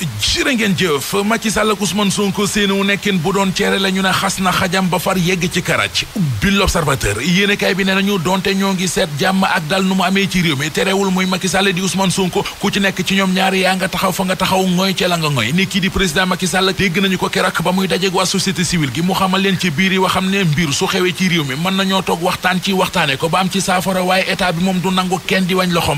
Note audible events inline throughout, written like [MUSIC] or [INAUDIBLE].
jërë ngeen jëf Macky Sall ak son Sonko seen wu nekkin bu doon cere la ñu ne xas na xajam ba far yegg ci karaj bi l'observateur yéenekaay bi ne nañu donte ñoo ngi seet jàmm ak dal nu mu amee ci réew mi terewul muy Macky Sall di Ousmane Sonko ku ci nekk ci ñoom ñaari yaa nga taxaw fa nga taxaw ngoy ca la nga ngoy ni kii di président Macky Sall dégg nañu ko keroog ba muy dajeg waa société civile gi mu xamal leen ci biir yi xam ne mbir su xewee ci réew mi mën nañoo toog waxtaan ci waxtaane ko ba am ci saafara waaye état bi moom du nangu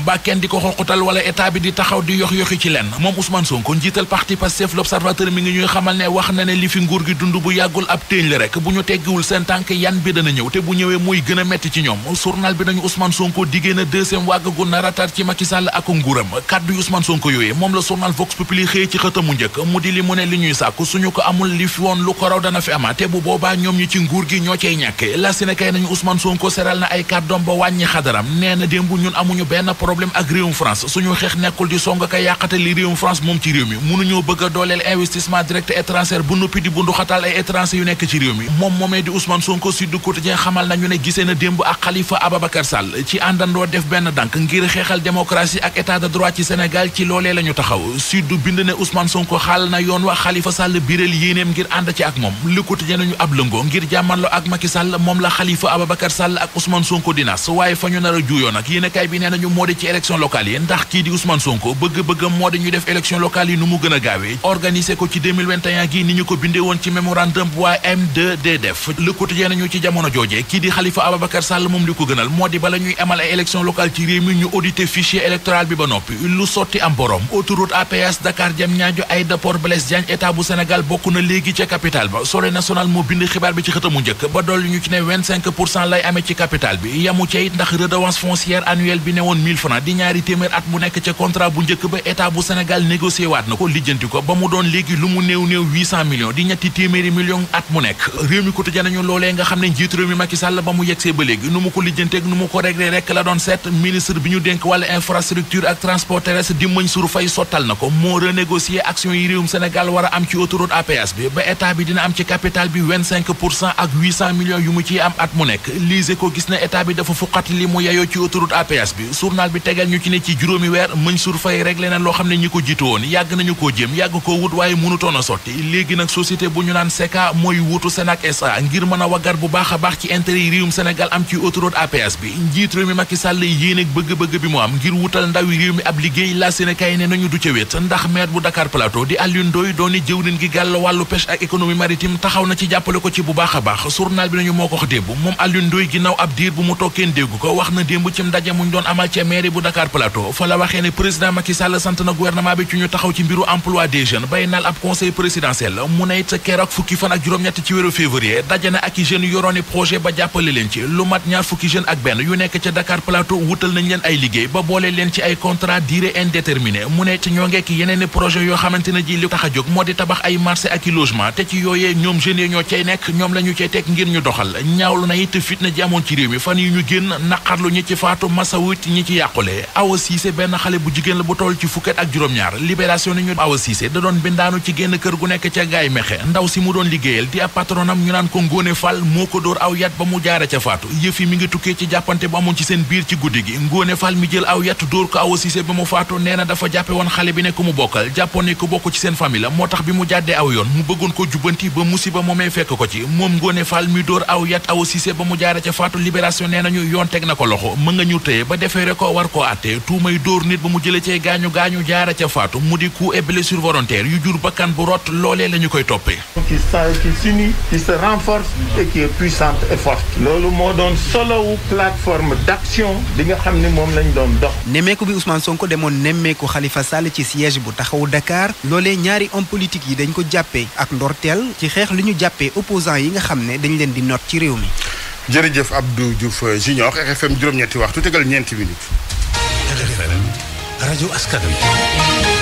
ba kenn di ko xoqutal wala état bi di taxaw di yox yoxi ci lenn moom Ousmane Sonko njiital parti Pastef l'observateur mi ngi ñuy wax na ne li fi nguur gi dund bu yàggul ab téeñ la rek bu ñu teggiwul tànk yan bi dana ñëw te bu ñëwee muy gën a metti ci ñoom journal bi nañu Ousmane Sonko diggée na deuxième wàgg gu nar a tar ak nguuram kaddu Sonko yooyee moom la journal Vox Populi xëy ci xëtamu njëkk mu di li mu ne li ñuy sàkku suñu ko amul li fi woon lu ko raw dana fi ama te bu boobaa ñoom ñi ci nguur gi ñoo cey ñàkke la si ne kay nañu Ousmane Sonko seral na ay kàddoom ba wàññi xadaram nee na démb ñun amuñu benn problème ak réewum France suñu xeex nekkul di song ka yàqate li réewum France moom ci réew mi mi mënuñoo bëgg a dooleel investissement direct étranger bu noppi di bundu xatal ay étranger yu nekk ci réew mi moom moomee di Ousmane Sonko Sud Quotidien xamal nañu ne gisee na démb ak Khalifa Ababacar Sall ci àndandoo def benn dànk ngir xeexal démocratie ak état de droit ci Sénégal ci loolee la ñu taxaw Sud bind ne Ousmane Sonko xaal na yoon wa Khalifa Sall biral yéeneem ngir ànd ci ak moom Le Quotidien nañu ab lëngoo ngir jàmmanlo ak Macky Sall moom la Khalifa Ababacar Sall ak Ousmane Sonko dinas waaye a juuyoo nag yéenekaay bi nee nañu moo di ci élection locale yi ndax kii di Ousmane Sonko bëgg-bëggam moo di ñu def élection nu mu gën a gaawee organiser ko ci gi ni ñu ko bindee ci mémorandum waa M2D ci jamono joojee kii di Khalifa Ababacar Sall moom li ko gënal moo di bala ñuy amal ay élection locale ci réew mi ñu auditer fichier électoral bi ba noppi lu sotti am borom autoroute APS Dakar Diamniadio Aïda Port Blaise Diagne état bu Sénégal bokk na léegi ca capital ba Soleil national moo bind xibaar bi ci xëtamu njëkk ba dolli ñu ne lay amee ci capital na ko ba mu doon léegi lu mu néew néew 800 di ñetti téeméeri millions at mu nekk réew mi ko tëjee nañu loolee nga xam ne njiitu mi Macky Sall ba mu yegsee ba léegi nu mu ko lijjanteeg nu mu ko réglé rek la doon seet ministre bi ñu dénk wàlla infrastructure ak transport bi ba état bi dina yu mu ciy am at mu nekk lise ko gis na état bi dafa fuqat li mu yayoo ci autoroute APS bi journal bi tegal ñu ci ne ci juróomi weer Mansour Faye réglé na loo xam ne ñi ko jiitu nañu yàgg koo wut waaye mënutoon a sotti léegi nag société bu ñu naan Seka mooy wutu Senac SA ngir mën a waggar bu baax a baax ci intérêt yi réewum Sénégal am ci autoroute APS bi njiit réew mi Macky Sall yéeneeg bëgg-bëgg bi mu am ngir wutal ndawi réew mi ab liggéey la ne nañu du ca wéet ndax maire bu Dakar Plateau di Alioune Ndoye dooni jëwriñ gi gàll wàllu pêche ak économie maritime taxaw na ci jàppale ko ci bu baax a baax journal bi nañu moo ko démb moom mbiru emploi des jeunes bay naal ab conseil présidentiel mu ne it keroog fukki fan ak juróom-ñett ci wéeru février dajana ak i jeunes yu yorooni projet ba jàppale leen ci lu mat ñaar fukki jeunes ak benn yu nekk ca Dakar Plateau wutal nañ leen ay liggéey ba boole leen ci ay contrat durée indéterminée mu ne ci ñoo ngeek yeneen projet yoo xamante ne ji li tax a jóg moo di tabax ay marché ak i logement te ci yooyee ñoom jeunes yi ñoo cay nekk ñoom lañu ñu cay teg ngir ñu doxal ñaawlu na it fitna ji amoon réew mi fan yu ñu génn naqarlu ñi ci faatu masawut ñi ci yàqule awa siise benn xale bu jigéen la bu toll ci fukket ak juróom-ñaar ñu doon bindaanu ci génn kër gu nekk ca gaay mexe ndaw si mu doon liggéeyal di ab patronam ñu ko Ngóone Fall yat ba mu jaare ca faatu yëf yi mi tukkee ci jàppante bu amoon ci seen biir ci guddi gi Ngóone Fall mi jël aw yat dóor ko ba mu faatu nee na dafa jàppe woon xale bi ne ku mu bokkal jàppoon ne ku bokk ci seen famille la moo tax bi mu jàddee aw yoon mu bëggoon ko jubbanti ba musiba moomee fekk ko ci moom Ngóone Fall mi dóor aw yat Awa Cissé ba mu jaare ca faatu libération nee nañu yoon teg na ko loxo mën nga ñu téye ba defeere ko war koo àtte tuumay dóor nit ba mu jële cee gaañu gaañu jaare ca faatu mu di ku et blessures yu jur bakkan bu rot loolee la ñu koy toppee. qui s'unit qui se renforce loolu moo doon solowu plateforme d'action bi nga xam ni moom lañ doon dox. nemmeeku bi usman Ousmane ko demoon nemmeeku Khalifa Sall ci siège bu taxawu dakaar loolee ñaari hommes politiques yi dañ ko jàppee ak ndorteel ci xeex li ñu jàppee opposants yi nga xam ne dañu leen di noot ci réew mi. jërëjëf Abdou Diouf euh, Junior RFM juróom-ñetti waxtu tegal ñeenti minutes. RFM askan wi.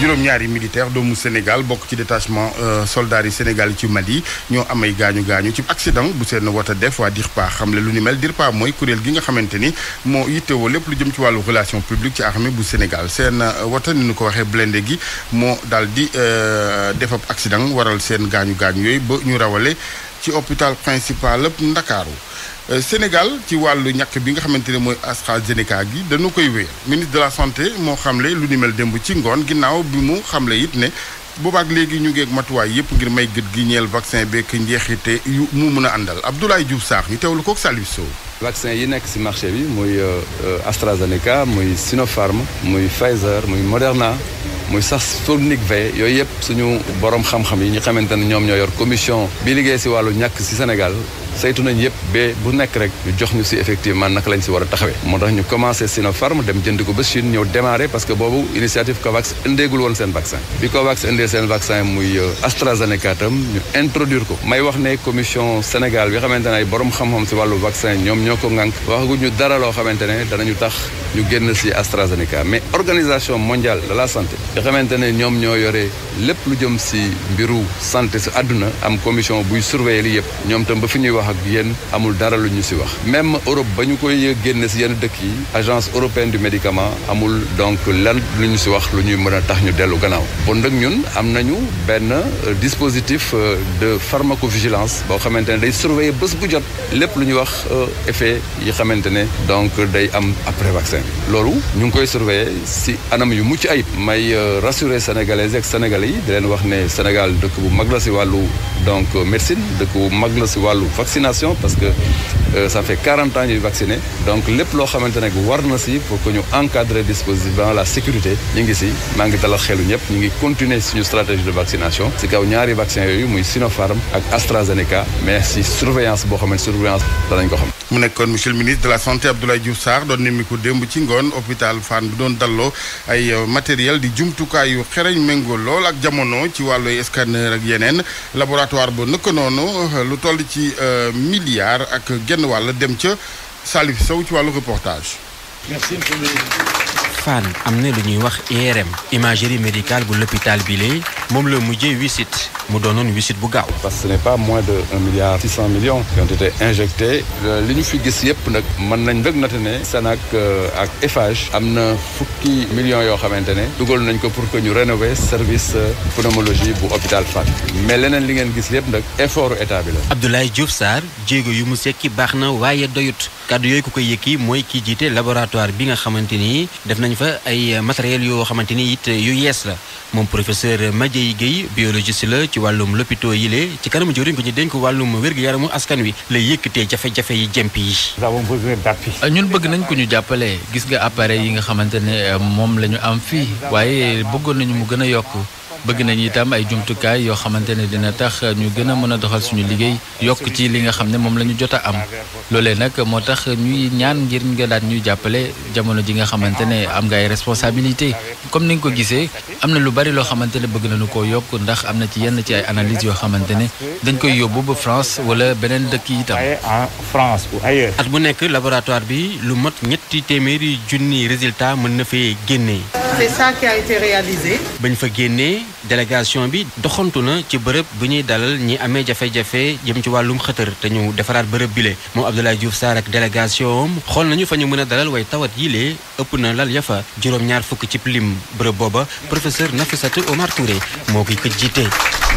juróom-ñaari militaire doomu Sénégal bokk ci détachement euh, soldats yi Sénégal ci Mali ñoo amay gaañu gaañu ci accident bu seen wota def waa DIRPA xamle lu ni mel DIRPA mooy kuréel gi nga xamante ni moo yittewoo lépp lu jëm ci wàllu relation publique ci armée bu Sénégal seen euh, wota ni ñu ko waxee blindé gi moo daal di euh, def ab accident waral seen gaañu gaañu yooyu ba ñu rawale. ci hôpital principal lépp Ndakaaru euh, Sénégal ci wàllu ñàkk bi nga xamante ne mooy AstraZeneca gi dañu koy wéyal ministre de la santé moo xamle lu ni mel démb ci ngoon ginnaaw bi mu xamle it ne boobaak léegi ñu ngeeg matuwaay yépp ngir may gët gi ñeel vaccin beek njeexite yu mu mën a àndal Abdoulaye Diouf Sarr ñu teewlu kook Saliou Sow vaccin yi nekk ci marché bi muy euh, AstraZeneca muy Sinopharm muy Pfizer muy Moderna muy sax Sputnik V yooyu yépp suñu borom xam-xam yi ñu xamante ne ñoom ñoo yor commission bi liggéey ci wàllu ñàkk ci Sénégal saytu nañ yëpp ba bu nekk rek ñu jox ñu si effectivement naka lañ si war a taxawee moo tax ñu commencé Sinopharm dem jënd ko ba Chine ñëw démarré parce que boobu initiative COVAX indeegul woon seen vaccin bi COVAX indee seen vaccin muy euh, AstraZeneca tam ñu introduire ko may wax ne commission Sénégal bi xamante ne ay borom xam-xam si wàllu vaccin ñoom ñoo ko ŋànk ñu dara loo xamante ne danañu tax ñu génn si AstraZeneca mais organisation mondiale la santé nga ne ñoom ñoo yore lépp lu jëm si mbiru santé si àdduna am commission buy surveiller lii yëpp ñoom tam ba fi ñuy wax ak yéen amul dara lu ñu si wax même Europe ba ñu koy génne si yenn dëkk yi agence européenne du médicament amul donc lan lu ñu si wax lu ñuy mën a tax ñu dellu gannaaw bon nag ñun am nañu benn euh, dispositif euh, de vigilance boo xamante ne day surveiller bés bu jot lépp lu ñuy wax euh, effet yi xamante ne donc day am après vaccin loolu ñu ngi koy surveiller si anam yu mucc ayib may euh, rassurer sénégalais ak sénégalais yi di leen wax ne Sénégal dëkk bu mag la si wàllu donc euh, médecine dëkk bu mag la si wàllu vaccination parce que euh, ça fait 40 ans ñuy vacciné donc lépp loo xamante ne war na si pour que ñu encadrer dispositif dans la sécurité ñu ngi si maa ngi dalal xelu ñëpp ñu ngi continuer suñu stratégie de vaccination si kaw ñaari vaccin yooyu muy Sinopharm ak AstraZeneca mais si surveillance boo xam ne surveillance danañ ko xam. mu nekkoon monsieur le ministre de la santé Abdoulaye Diouf Sarr doon nemmiku démb ci ngoon hôpital Fann bi doon dalloo ay euh, matériel di jumtukaay yu xereñ méngoo lool ak jamono ci wàllu scanner ak yeneen abattoir ba nëkk noonu lu toll ci euh, milliard ak genn wàll dem ca Salif Sow ci wàllu reportage. Fann am na lu ñuy wax IRM imagerie médicale bu l'hôpital Bilé moom la mujjee visite mu doonoon visite bu gaaw. parce que ce pas moins de un milliard millions. qui ont été injectés. Euh, li ñu fi gis yëpp nag mën nañ rek euh, na fukki millions yoo xamante ne. dugal nañ ko pour que ñu rénover service euh, pneumologie bu hôpital Fann. mais leneen li ngeen gis yëpp nag effort état bi la. Abdoulaye Diouf Sarr jéego yu mu sekki baax na waaye doyut kàddu yooyu ku koy yëkki mooy ki jiite laboratoire bi nga xamante ni def fa ay matériel yoo xamante ni it yu yees la moom professeur Madiaye Guèye biologiste la ci wàllum lopito yi le ci kanamu jëwriñ ko ñu ko wàllum wér-gu-yaramu askan wi la yëkkatee jafe-jafe yi jëmp yi ñun bëgg nañ ko ñu jàppale gis nga appareil yi nga xamante ne moom la ñu am fii waaye bëggoon nañu mu gën a yokk bëgg nañu itam ay jumtukaay yoo xamante ne dina tax ñu gën a mën a doxal suñu liggéey yokk ci li nga xam ne moom la ñu jot a am loolee nag moo tax ñuy ñaan ngir nga daat ñu jàppale jamono ji nga xamante ne am nga ay responsabilité comme ni nga ko gisee am na lu bari loo xamante ne bëgg nañu koo yokk ndax am na ci yenn ci ay analyse yoo xamante ne dañ koy yóbbu ba France wala beneen dëkk yi itam. at bu nekk laboratoire bi lu mat ñetti téeméeri junni résultat mën na fee génnee. c'est a été bañ fa génnee délégation bi doxantu na ci bërëb bu ñuy dalal ñi amee jafe-jafe jëm ci wàllum xëtër te ñu defaraat bërëb bi bile moom Abdoulaye Diouf Sarr ak délégation am xool nañu fa ñu mën a dalal way tawat yi lee ëpp na lal ya juróom-ñaar fukk ci lim bërëb booba professeur Nafissatou Omar Touré moo koy ko jiite.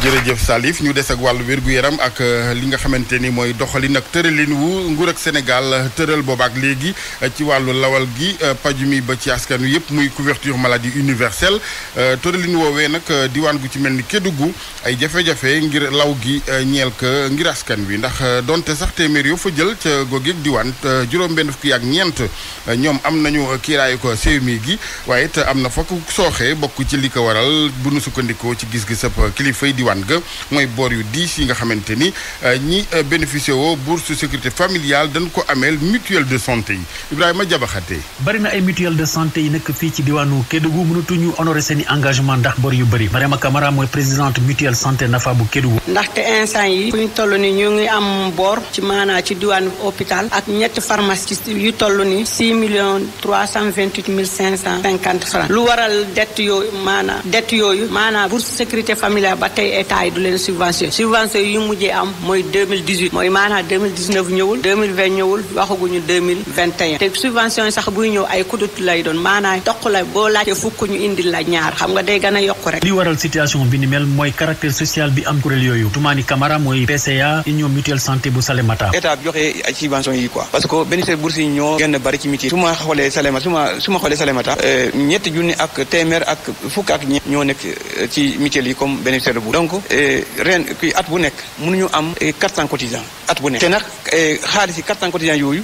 jërëjëf Salif ñu des ak wàllu wér yaram ak euh, li nga xamante ni mooy doxalin ak tëralin wu nguur ak Sénégal tëral ak léegi euh, ci wàllu lawal gi euh, paju mi yëpp maladie universelle euh, tëralin woowee nag euh, diwaan gu ci mel ni Kédougou ay jafe-jafe ngir law gi euh, ñeel ka ngir askan wi ndax donte sax téeméer yoo fa jël ca googeeg diwaan juróom-benn fukki ak ñeent ñoom am nañu kiiraayu ko séwmi gi waaye te am na fokk sooxee bokk ci li ko waral bu nu sukkandikoo ci gis-gisab gi kilifay diwaan ga mooy boor yu diis yi nga xamante ni ñi bénéficié woo bourse sécurité familiale dan ko ameel mutuel de santé yi Ibrahima Jabaxate Kédougou mënatuñu honoré seen i engagement ndax bor yu bëri Mariama Camara mooy présidente mutuelle santé nafa bu Kédougou ndaxte instant yi fu ñu toll ni ñu ngi am bor ci maanaa ci diwaanu hôpital ak ñetti pharmacie yu toll ni six millions trois cent vingt-huit mille cinq cent cinquante francs lu waral dette yooyu maanaa dette yooyu maanaa bourse sécurité familiale ba tey état yi du leen subvention subvention yu mujjee am mooy 2018 mooy maanaa 2019 ñëwul 2020 ñëwul waxaguñu 2021 te subvention yi sax buy ñëw ay kudut lay doon maanaa toq la boo laajte fukk ñu indil la ñaar xam nga day gën a yokk rek. li waral situation bi ni mel mooy caractère social bi am kuréel yooyu Toumani Camara mooy PCA union mutuelle santé bu Salémata. état bi joxe ay subventions yi quoi parce que bénéficiaires bourses yi ñoo gën bari ci mutuelle su ma xoolee Salémata euh, ñetti junni ak téeméer ak fukk ak ñi ñoo nekk euh, ci mutuelle yi comme bénéficiaire de bourse donc euh, ren kii at bu nekk ñu am 400 cotisants at bu nekk te nag xaalis yi 400 yooyu.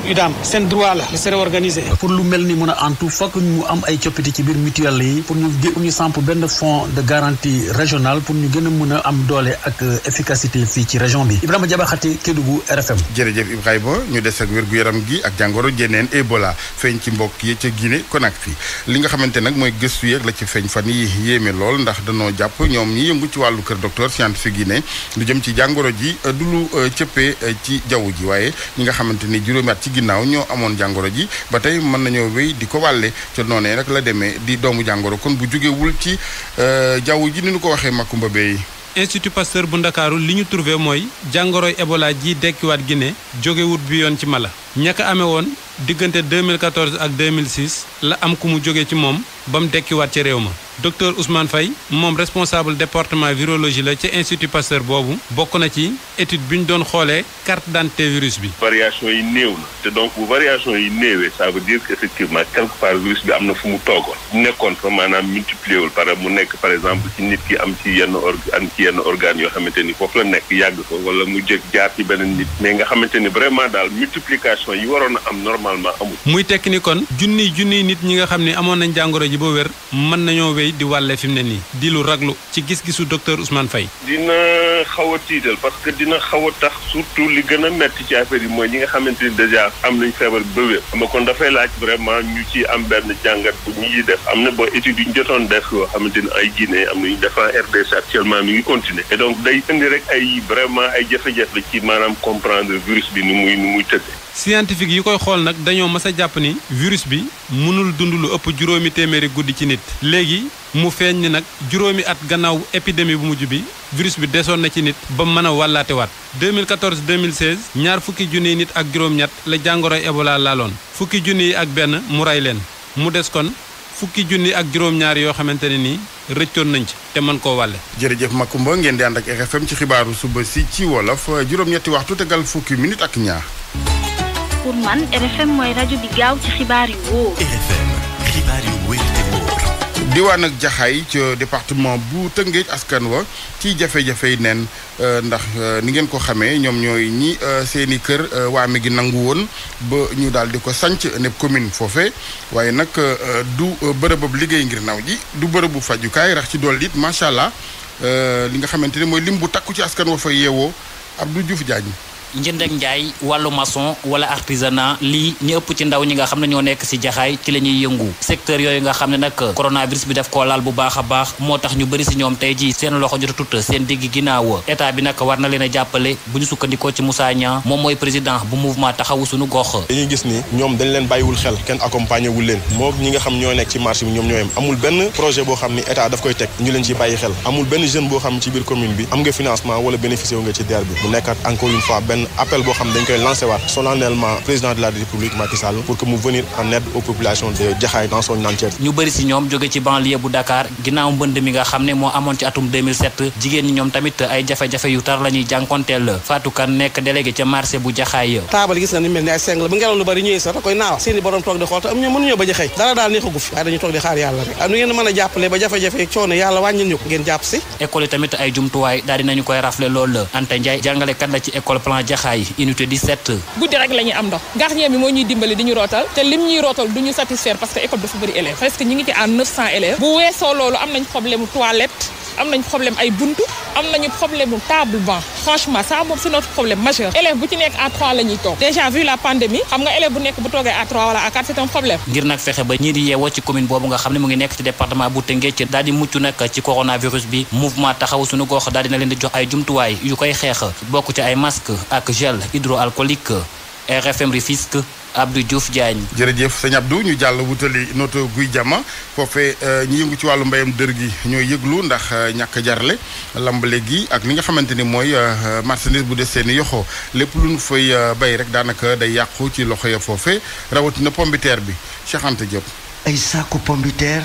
ñun UDAM seen droit la. pour lu mel ni mën a antu fokk ñu am ay coppite ci biir mutuelle yi pour ñu ñu samp benn fonds de garantie régional pour ñu gën a mën am doole ak euh, efficacité fii ci région bi Ibrahima Diabakhate Kédougou RFM. jërëjëf Ibrahima ñu des ak wér-gu-yaram gi ak jàngoro jeneen Ebola feeñ ci mbokk yi ca Guinée Conakry li nga xamante nag mooy gëstu yeeg la ci feeñ fan yi yéeme lool ndax danoo jàpp ñoom ñi yëngu ci wàllu kër docteur scientifique yi ne lu jëm ci jàngoro ji euh, du lu euh, cëppee ci jaww ji waaye ñi ginnaaw ñoo amoon jàngoro ji ba tey mën nañoo wéy di ko wàlle ca noonee rek la demee di doomu jàngoro kon bu jógewul ci euh, jaww ji ni ñu ko waxee Makumba Bey Institut Pasteur bu Ndakaaru li ñu trouvé mooy jàngoroy Ebola ji dekkiwaat gi Guinée jógewut bi yoon ci mala ña ko amee woon diggante 2014 ak 2006 la am ku mu jóge ci moom ba mu dekkiwaat ci réew ma docteur Ousmane fay moom responsable département virologie la ca institut Pasteur boobu bokk na ci étit bi ñu doon xoole carte d'identité virus bi. variation yi néew na te donc bu variation yi néewee ça veut dire que effectivement quelque part virus bi am na fu mu toogoon. nekkoon fa maanaam multiplié wul par mu nekk par exemple ci nit ki am ci yenn org yenn organes yoo xamante ni foofu la nekk yàgg ko wala mu jëg jaar beneen nit. mais nga xamante ni vraiment daal multiplication. vaccination yi waroon a am normalement amul. muy tekki ni kon junniy junniy nit ñi nga xam ne amoon nañ jàngoro ji ba wér mën nañoo wéy di wàlle fi mu ne nii di lu raglu ci gis-gisu docteur Ousmane Faye. dina xaw a tiital parce que dina xaw a tax surtout li gën a metti ci affaire yi mooy ñi nga xamante ni déjà am nañ feebar ba wér. ama kon dafay laaj vraiment ñu ci am benn jàngat bu ñuy def am na boo étude yu ñu jotoon def yoo xamante ni ay Guinée am nañu def en RDC actuellement mi ngi continuer et day indi rek ay vraiment ay jafe-jafe ci maanaam comprendre virus bi ni muy ni muy tëddee scientifique yi koy xool nag dañoo mës a jàpp ni virus bi mënul dund lu ëpp juróomi téeméeri guddi ci nit léegi mu feeñ ni nag juróomi at gannaaw épidémie bu mujj bi virus bi desoon na ci nit ba mën a wàllaatewaat 2014 2016 ñaar fukki junniy nit ak juróom-ñett la jàngoroy Ebola laaloon fukki junni yi ak benn mu rey leen mu des kon fukki junni ak juróom-ñaar yoo xamante ne nii rëccoon nañ ci te mën koo wàlle jërëjëf ma Makumba ngeen di ànd ak RFM ci xibaaru suba si ci wolof juróom-ñetti waxtu tegal fukki minute ak ñaar pour man RFM mooy rajo bi gaaw ci xibaar yu wóor. diwaan ak jaxaay ci département bu Tëngéej askan wa ci jafe-jafey nen euh, ndax euh, ni ngeen ko xamee ñoom ñooy ñi euh, seeni kër waame gi nangu woon ba ñu daal di ko sanc nepp commune foofe waaye nag du bërëbab liggéey ngir naw ji du bërëbu fajukaay rax ci dool it macha allah li nga xamante ne mooy lim bu takku ci askan wa fa yeewoo Abdou Diouf Diagne. njënd ak njaay wàllu maçon wala artisanat lii ñu ëpp ci ndaw ñi nga xam ne ñoo nekk si jaxaay ci la ñuy yëngu secteur yooyu nga xam ne nag coronavirus bi daf ko laal bu baax baax moo tax ñu bari si ñoom tey ji seen loxo jotatut seen digg ginnaaw état bi nag war na leen a bu ñu sukkandikoo ci Moussa Niang moom mooy président bu mouvement taxawu suñu gox dañuy gis ni ñoom dañ leen bàyyiwul xel kenn accompagné wul leen moo ñi nga xam ñoo nekk ci marché bi ñoom ñooyam amul benn projet boo xam ni état daf koy teg ñu leen ci bàyyi xel amul benn jeune boo xam ci biir commune bi am nga financement wala bénéficié nga ci DER benn appel boo xam dañ koy lancé waat président de la république Macky pour que mu venir en aide aux populations de Jaxaay dans son ñu bëri si ñoom jóge ci banlieue bu Dakar ginnaaw mbënd mi nga xam ne moo amoon ci atum jigéen ñi ñoom tamit ay jafe-jafe yu tar la jànkonteel Fatou Kane nekk délégué ca marché bu Jaxaay taabal gis na ni mel ni ay seng la bu ngelaw lu bëri ñëwee sax da koy naaw seeni borom toog di xool te am a jaxaay unité 17. guddi rek la am ndox gardien moo ñuy dimbali di ñu rootal te lim ñuy rootal du ñu satisfaire parce que école dafa bëri élèves presque ñi ngi ci à 900 élèves bu weesoo loolu am nañ problème toilette am nañ problème ay buntu am nañu problème mu banc franchement ça moom c'est notre problème majeur élève bu ci nekk à trois la ñuy toog déjà vu la pandémie xam nga élève bu nekk bu toogee à trois wala à quatre c'est un problème ngir nag fexe ba ñii yeewoo ci commune boobu nga xam ne mu ngi nekk ci département bu Tëngéej ci daal di mucc ci coronavirus bi mouvement taxaw suñu gox daal dina leen di jox ay jumtuwaay yu koy xeex bokk ci ay masque Abdou Diouf Diagne. jërëjëf sëñ Abdou ñu jàll wutali noto guy jama foofee euh, ñu yëngu ci wàllu mbéyam dër gi ñooy yëglu ndax euh, ñàkk jarle lambale gi ak li nga xamante ni mooy euh, marchandise bu des seeni yoxoo lépp lu ñu fay bay rek daanaka day yàqu ci loxo ya foofe rawatina pombiteer bi Cheikh Anta Diop ay saaku pombiteer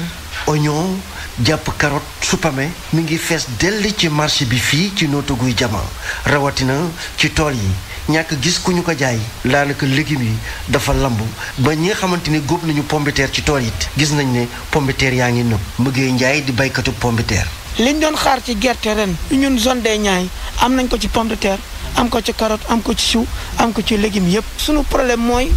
oignon jàpp carotte supame mi ngi fees dell ci marché bi fii ci noto guy jama rawatina ci tool yi ñàkk gis ku ñu ko jaay daanaka légumes yi dafa lamb ba ñi nga xamante ni góob nañu pombiteer ci tool yit gis nañ ne pombiteer yaa ngi nëb mëggee njaay di baykatu pombiteer liñ doon xaar ci gerte ren ñun zone des Niayes am nañ ko ci pomme de am ko ci carotte am ko ci chou am ko ci légumes yépp sunu problème mooy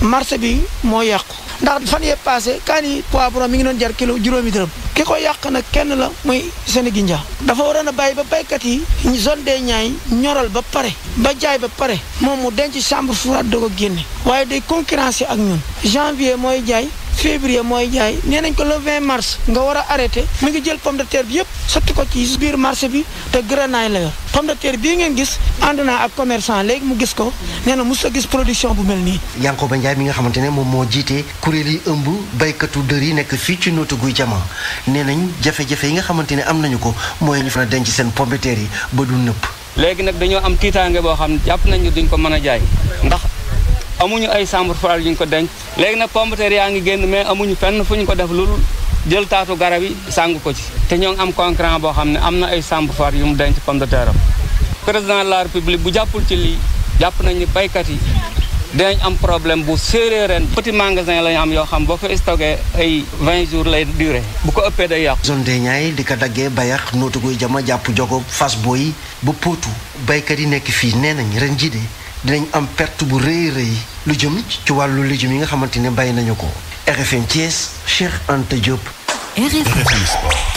marché bi moo yàqu ndax fan yee passé kaani poivron mi ngi doon jar kilo juróomi dërëm ki yàq na kenn la mooy muy Senegindia dafa waroon a bàyyi ba baykat yi zone des Niayes ñoral ba pare ba jaay ba pare moom mu denc chambre froide doo ko génne waaye day concurrence ak ñun janvier mooy jaay février mooy jaay nee nañ ko le 20 mars nga war a arrêté mi ngi jël pomme bi yëpp sotti ko ci biir marché bi te grenaille la yor pomme de bii ngeen gis ànd naa ak commercant léegi mu gis ko nee na mos a gis production bu mel nii. ba Ndiaye mi nga xamante ne moom moo jiite kuréel yi ëmb baykatu dër yi nekk fii ci nootu guy jamaa nee nañ jafe-jafe yi nga xamante ne am nañu ko mooy ñu fa denc seen pomme yi ba du nëpp. léegi nag dañoo am tiitaange boo xam jàpp nañ duñ ko mën a jaay ndax. amuñu ay chambre froide yu ñu ko denc léegi nag pomme de terre yaa ngi génn mais amuñu fenn fu ñu ko def lul jël taatu garab yi sàng ko ci te ñoo am concurrent boo xam ne am na ay chambre froide yu mu denc pomme de terre président la république bu jàppul ci lii jàpp nañ ni baykat yi dinañ am problème bu séeréer ren petit magasin la am yoo xam boo fa stocké ay 20 jours lay duré bu ko ëppee day yàqu zone ñaay di ko daggee bayax nootu guy jama jàpp jogo fas booy bu póotu baykat yi nekk fii nee nañ ren jii de dinañ am perte bu rëy rëy lu jëm ci wàllu légumes yi nga xamante ne bàyyi nañu ko RFM Thiès Cheikh Anta Diop. RFM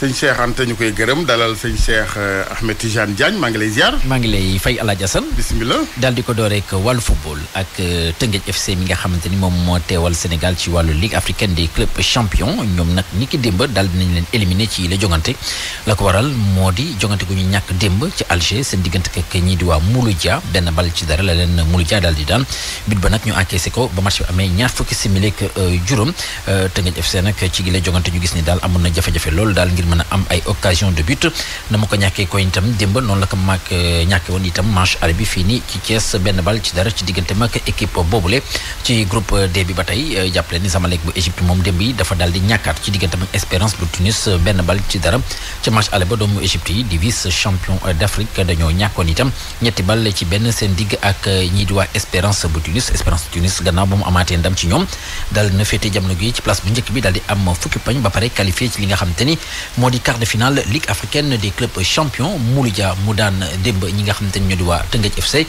sëñ Cheikh Anta ñu koy gërëm dalal sëñ Cheikh euh, Ahmed Tidiane Diagne maa ngi lay ziar. maa ngi lay fay El Hadj Assane. bisimilah daal di ko door rek wàllu football ak euh, Tëngéej FC mi nga xamante ni moom moo teewal Sénégal ci wàllu Ligue africaine des clubs champions ñoom nag ni ki démb di dinañ leen éliminer ci la jongante la ko waral moo di jongante gu ñu ñàkk démb ci Alger seen diggante ak ñii di waa Mouloudia benn bal ci dara la leen Mouloudia daal di daan but ba nag ñu encaissé ko ba match amee ñaar fukki simili ak euh, juróom Tëngéej FC gis ni daal amoon na jafe loolu daal mën a am ay occasion de but na ma ko ñàkkee koy itam démb noonu la ko maak euh, ñàkke woon itam manche arabe bi fii nii ci Thiès benn bal ci dara ci diggante mag équipe boobule ci groupe euh, D bi ba tey euh, jàppale ni Zamalek bu Égypte moom démb yi dafa daal di ñàkkaat ci diggante mag Espérance bu Tunis benn bal ci dara ci match aller ba doomu Égypte yi di vice champion d'Afrique dañoo ñàkkoon itam ñetti bal ci benn seen digg ak ñii di waa Espérance bu Tunis Espérance bu Tunis gannaaw ba mu amaatee ndam ci ñoom nga xam te ni moo di quart de finale Ligue africaine des clubs champions Mouloudia mu daan démb ñi nga xam ni ñoo di waa Teungueth FC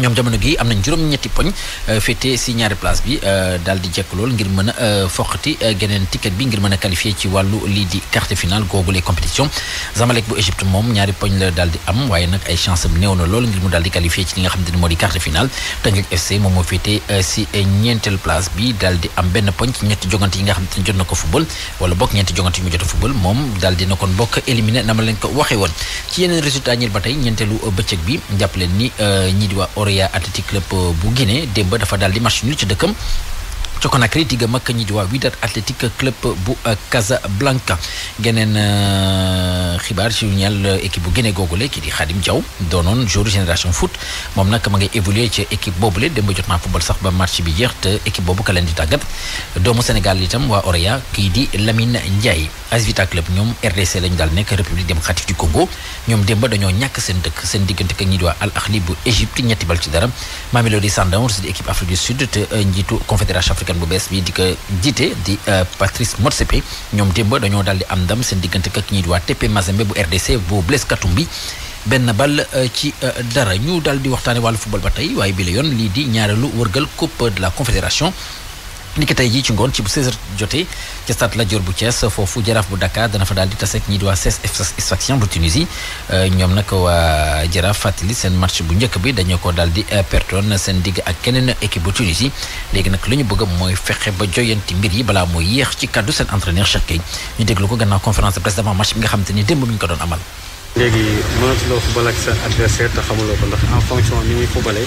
ñoom jamono gi am nañ juróom-ñetti poñ euh, féete si ñaari place bi euh, daal di jekk lool ngir mën a euh, foqati geneen ticket bi ngir mën a qualifié ci wàllu lii di quart de finale googu les compétitions Zamalek bu Égypte moom ñaari poñ la daal am waaye nag ay chance am néew na lool ngir mu daal di ci li nga xam ne moo di quart de finale FC moom moo féete si ñeenteel place bi daal am benn poñ ci ñetti jogante yi nga xam ne jot na ko football wala bokk Longoria Athletic Club uh, bu Guinée démb dafa daal di match nul ci dëkkam Conakry diggam ak ñi di waa Wydad Athletic Club bu eh, Casablanca geneen eh, xibaar ci ñeel eh, équipe bu Guinée googule ki di Khadim Diaw doonoon joueur génération foot moom na ma ngay évoluer ci équipe boobule dem ba jot naa football sax ba match bi jeex te équipe boobu ka leen di tàggat doomu Sénégal itam waa Orea kii di Lamine Ndiaye AS Vita Club ñoom RDC lañu daal nekk République démocratique du Congo ñoom dem ba dañoo ñàkk seen dëkk seen diggante ak ñi di waa Al Ahli bu Égypte ñetti bal ci dara Mamelodi Sundowns di équipe Afrique tàggat bu bees bi di ko jiite di euh, Patrice Motsepe ñoom démb dañoo daal di am ndam seen diggante ak ñi di waa TP Mazembe bu RDC bu Blaise bi benn bal euh, ci euh, dara ñu daal di waxtaane wàllu football ba tey waaye bi la yoon lii di ñaareelu wërgal coupe de la confédération ni ki tey jii ci ngoon ci bu 16h jotee ci stade Lat Dior bu Thiès foofu jaraaf bu Dakar dana fa daal di taseeg ñi di waa CES Sfaxien bu Tunisie euh, ñoom nag waa jaraaf fàttali seen match bu njëkk bi dañoo ko dal di pertoon seen digg ak keneen équipe bu Tunisie léegi nag lu ñu bëgg mooy fexe ba joyanti mbir yi balaa mooy yéex ci kaddu seen entraîneur Cheikh Gueye ñu déglu ko gannaaw conférence de presse d'avant match bi nga xam te ni démb mi ñu doon amal. léegi mënatuloo football ak sa adversaire te xamuloo ko ndax en fonction ni muy footballee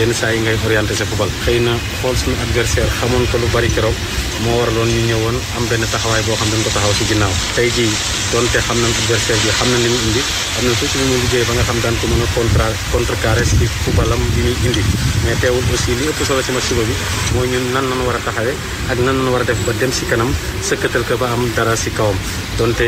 yenn saa yi ngay orienté sa football xëy na xool suñu adversaire xamoon ko lu bari keroog moo war a waraloon ñu ñëwoon am benn taxawaay boo xam dañ ko taxaw si ginnaaw tey jii donte xam nañ adversaire bi xam nañ li mu indi xam nañ liggéey ba xam daan ko mën a contra contrecarrer si fubalam bi mais teewul aussi li ëpp solo si match suba bi mooy ñun nan lañ war a taxawee ak nan lañ war a def ba dem si kanam sëkkatal ko ba am dara si kawam donte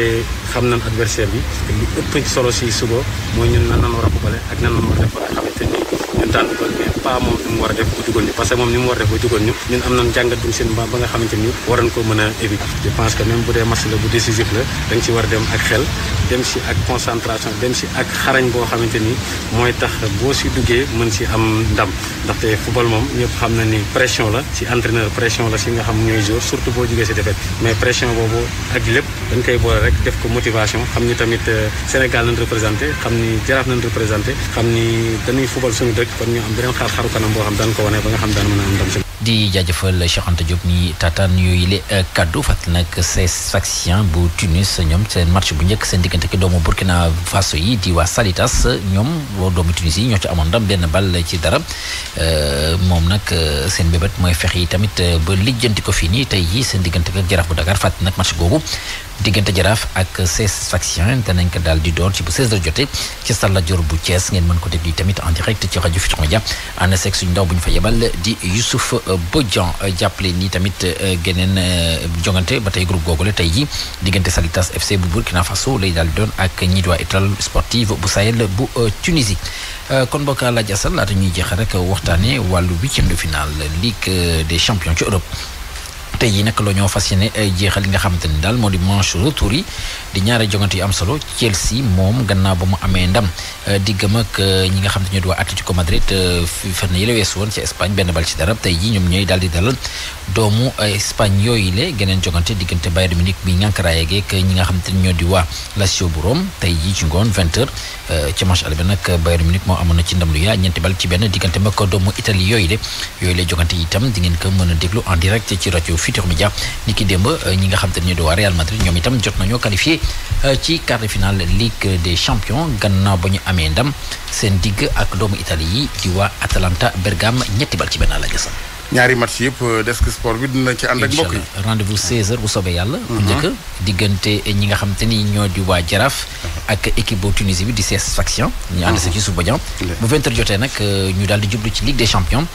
xam nañ adversaire bi li ëpp solo si suba mooy ñun nan lañ war a fubale ak nan lañ war a def ba nga xamante ni ñun daan dugal mais pas moom a def bu ni mu war a def bu dugal ñu ñun am nañ jàngat buñ seen ba ba nga xamante ni waroon ko mën a éviter je pense que même bu dee match la bu décisif la da ci war dem ak xel dem si ak concentration dem si ak xarañ boo xamante ni mooy tax boo si duggee mën si am ndam ndaxte football moom ñëpp xam na ni pression la si entraîneur pression la si nga xam ñooy jour surtout boo jugee si défaite mais pression boobu ak lépp dañ koy boole rek def ko motivation xam ni tamit euh, Sénégal lañ représenté xam ni jaraaf lañ représenté xam ni dañuy football suñu dëkk kon ñu am beneen xaar xaru kanam boo xam daan ko wane ba nga xam daan mën a am ndam di jaajëfal Cheikh Anta Diop ni taataan yooyu le eh, kaddu fàttali nag Sfaxien bu Tunis ñoom seen match bu njëkk seen diggante ki doomu Burkina Faso yi di waa Salitas ñoom loo doomu Tunis yi ñoo ci amoon ndam benn bal ci dara eh, moom nag eh, seen bébét mooy fexe yi tamit ba lijjanti ko fii nii tey jii seen diggante ak Jaraaf bu Dakar fàttali nag match boobu diggante jaraaf ak Satisfaction danañ ko daal di door ci bu 16h jotee ci Salla Dior bu Thiès ngeen mën ko déglu tamit en direct ci rajo Futurs Médias ànd seeg suñu ndaw bu ñu fa yebal di Youssouf Bodian jàppale ni tamit euh, geneen euh, jongante ba tey groupe googule tey ji diggante Salitas FC bu Burkina Faso lay daal di doon ak ñi di waa Étoile Sportive bu Sahel bu euh, Tunisie. kon mbokk àll laaj asal laata ñuy jeexal rek waxtaanee wàllu huitième de finale Ligue des champions ci Europe. tey yi nag la ñoo fas yéene eh, jeexal li nga xamante ni daal moo di manche retour di ñaari jongante yu am Chelsea moom gannaaw ba mu amee ndam eh, diggam ak eh, ñi nga xam ne ñoo di waa Atlético Madrid fenn yi la weesu woon ñooy daal di di waa Lazio bu Rome tey ji ci ngoon 20 heures ci match aller bi nag Bayern Munich moo amoon na ci ndam lu yaa ñeenti bal ci benn diggante mag doomu Italie yooyu la yooyu la jongante itam di ngeen ko mën a déglu en direct ci rajo Futurs Médias ni ki démb euh, ñi nga xam te ni waa Real Madrid ñoom itam jot nañoo qualifié euh, ci quart de finale Ligue des champion gannaaw ba ñu amee ndam seen digg ak doomu Italie yi di waa Atalanta Bergame ñetti bal ci benn la jësam ñaari match yëpp euh, desk sport bi dina ci ànd ak mbokk yi. rendez-vous bu soobee yàlla. bu njëkk uh-huh. diggante ñi nga xam te ni ñoo di waa Jaraaf. Uh-huh. ak équipe bu Tunisie bi di Sfaxien. ñu ànd see uh-huh. ci suba jant. bu jotee nag euh, ñu daal di jublu ci Ligue des champions.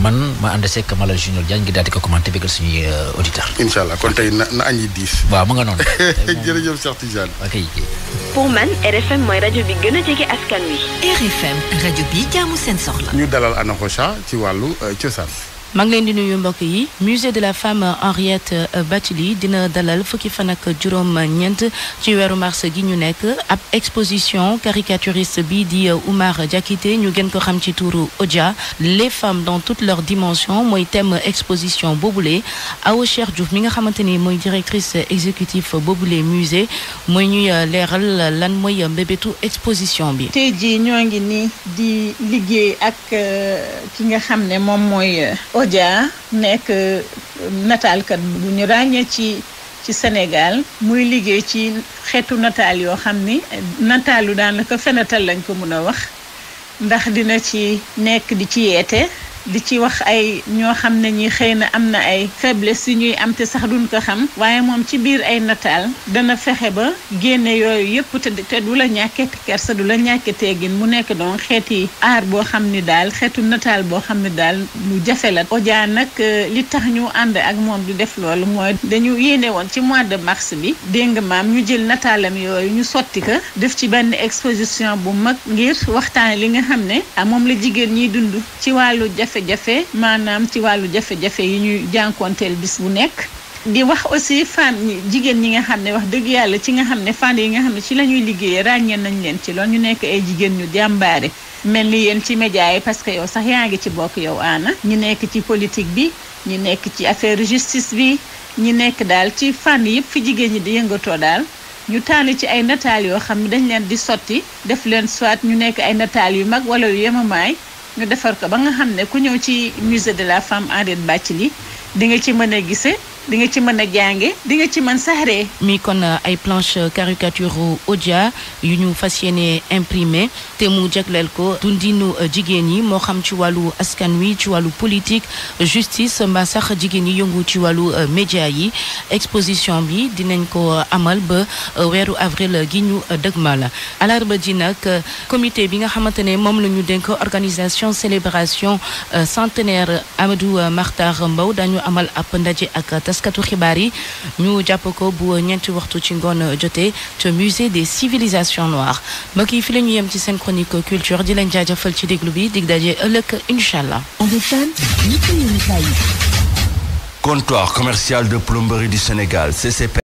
man ma ànd see Malal Junior Diagne ngi daal di ko commenté bégal suñuy euh, auditeur incha allah kon tey na na añi diis. waaw mu nga noonu. [LAUGHS] jërëjëf Cheikh Tidiane. ok. pour man RFM mooy rajo bi gën a dalal Ana ci wàllu cosaan. maa leen di nuyu mbokk yi musée de la femme Henriette euh, Bathily dina dalal fukki fan ak juróom-ñeent ci weeru mars gi ñu nekk ab exposition caricaturiste bi di euh, Oumar Diakité ñu gën ko xam ci tuuru Odia les femmes dans toutes leurs dimensions mooy thème exposition boobule aw Cheikh Diouf mi nga xamante ni mooy directrice exécutive boobule musée mooy ñuy euh, leeral lan mooy mbébétu exposition bi. tey jii ñoo ngi ni di liggéey ak ki nga xam ne moom mooy. Doro nekk nataalkat bu ñu ràññee ci ci Sénégal muy liggéey ci xeetu nataal yoo xam ni nataalu daanaka fenatal lañ ko mën a wax ndax dina ci nekk di ci yeete di ci wax ay ñoo xam ne ñi xëy na am na ay faiblesse yu ñuy am te sax duñ ko xam waaye moom ci biir ay nataal dana fexe ba génne yooyu yëpp te du la ñàkketi kersa du la ñàkke teegin mu nekk donc xeeti aar boo xam ni daal xeetu nataal boo xam ni daal lu jafe la Odia nag euh, li tax ñu ànd ak moom di def loolu mooy dañu yéene woon ci mois de mars bi déng maam ñu jël nataalam yooyu ñu sotti ko def ci benn exposition bu mag ngir waxtaan li nga xam ne ah, moom la jigéen ñiy dund ci wàllu jafe jafe-jafe maanaam ci wàllu jafe-jafe yi ñuy jànkonteel bis bu nekk di wax aussi fànn jigéen ñi nga xam ne wax dëgg yàlla ci nga xam ne fànn yi nga xam ne ci la ñuy liggéeyee ràññee nañ leen ci loolu ñu nekk ay jigéen ñu jàmbaare mel ni yéen ci média yi parce que yow sax yaa ngi ci bokk yow aana ñu nekk ci politique bi ñu nekk ci affaire justice bi ñi nekk daal ci fànn yëpp fi jigéen ñi di yëngatoo daal ñu tànn ci ay nataal yoo xam ne dañ leen di sotti def leen soit ñu nekk ay nataal yu mag wala yu ñu defar ko ba nga xam ne ku ñëw ci musée de la femme Henriette Bathily di nga ci mën a gise di nga ci mën a jànge di nga ci mën saxree mi kon euh, ay planche euh, caricature Odia yu ñu fas yéene imprimé te mu jagleel ko dundinu euh, jigéen yi moo xam ci wàllu askan wi ci wàllu politique justice mba sax jigéen yi yëngu ci wàllu média yi exposition bi dinañ ko amal ba weeru avril gi ñu dëgmal alarba ji nag comité bi nga xamante ne moom la ñu dénk organisation célébration centenaire Amadou Mahtar Mbow dañu amal ab ndaje ak taskatu xibaar yi ñu jàpp ko bu ñeenti waxtu ci ngoon jotee ca musée des civilisations noires mbokk yi fi la ñu yem ci seen chronique culture di leen jaajëfal ci déglu bi dig daje ëllëg incha allah. comptoir commercial de plomberie du Sénégal CCP.